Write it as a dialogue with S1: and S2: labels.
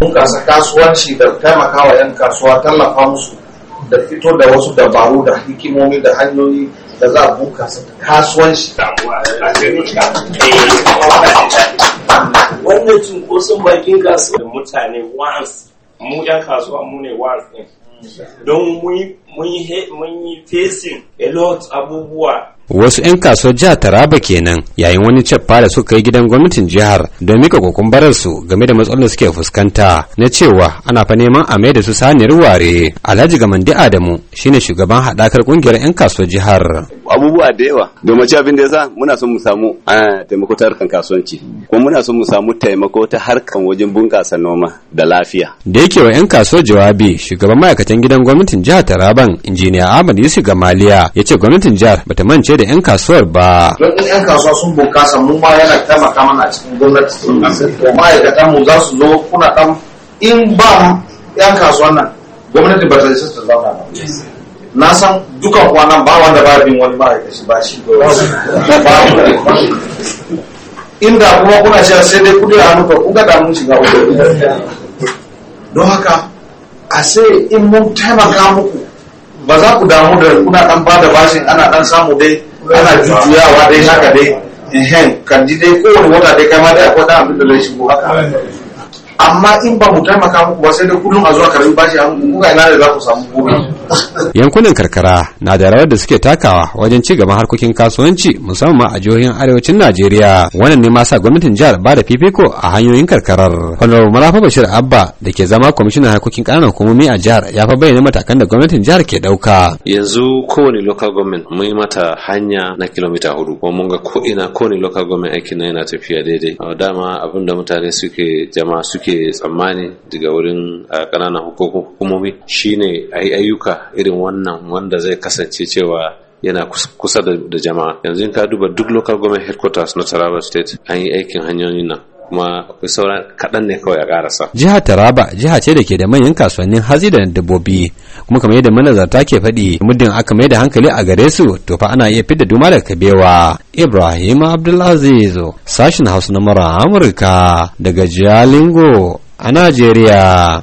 S1: bunƙasa kasuwanci da taimakawa 'yan kasuwa tallafa musu da fito da wasu dabaru da hikimomi da hanyoyi da za a bunƙasa kasuwanci wannan bakin kasuwa da mutane once mu 'yan kasuwa mu ne once din don mun yi facing a lot abubuwa
S2: wasu 'yan kasuwar jihar taraba kenan yayin wani cefa da suka yi gidan gwamnatin jihar don mika kukumbarar su game da matsalolin suke fuskanta na cewa ana fa neman a mai da su saniyar ware alhaji gamandi adamu shine shugaban haɗakar kungiyar 'yan kasuwar jihar abubuwa da yawa domin abin da yasa muna son mu samu a taimako ta harkan kasuwanci kuma muna son mu samu taimako ta harkan wajen bunƙasa noma da lafiya da yake wa 'yan kasuwar jawabi shugaban ma'aikatan gidan gwamnatin jihar taraban injiniya ahmad yusuf gamaliya ya ce gwamnatin jihar bata mance da 'yan kasuwar ba.
S1: Don 'yan kasuwa sun bukasa mu ma yana taimaka mana a cikin gwamnati ma'aikatan mu za su zo kuna ɗan in ba 'yan kasuwa nan gwamnati ba ta yi ta zauna ba. Na san kuwa nan ba wanda ba bin wani ma'aikaci ba shi ba inda kuma kuna sha sai dai kudi a hannuka kuka da shiga uku don haka a sai in mun taimaka muku ba za ku damu da kuna dan da bashin ana dan samu dai ana jujjuyawa dai haka dai ehen kan ji dai kowane wata dai kai ma dai akwai dan abin da zai shigo haka amma in ba mu taimaka muku ba sai dai kullum a zuwa karbi bashi a muku kuka ina da za ku samu gobe
S2: yankunan karkara na da rawar da suke takawa wajen ci gaban harkokin kasuwanci musamman a jihohin arewacin najeriya wannan ne ma sa gwamnatin jihar ba da fifiko a hanyoyin karkarar honorable marafa bashir abba da ke zama kwamishinan harkokin ƙananan hukumomi a jihar ya fa bayyana matakan da gwamnatin jihar ke ɗauka
S3: yanzu kowane local government mun mata hanya na kilomita hudu kuma mun ga ko ina kowane local government aikin na yana tafiya daidai dama abin da mutane suke jama'a suke tsammani daga wurin ƙananan hukumomi shine ayi ayyuka irin wannan wanda zai kasance cewa yana kusa da jama'a yanzu in ka duba duk local government headquarters na taraba state an yi aikin hanyoyin nan kuma akwai sauran kaɗan ne kawai a ƙarasa.
S2: Jihar Taraba jiha ce da ke da manyan kasuwannin hazi da dabbobi kuma kamar yadda manazarta ke faɗi muddin aka mai da hankali a gare su to fa ana iya fidda duma da kabewa. Ibrahim Abdulaziz sashin Hausa na Mara Amurka daga Jalingo a Najeriya.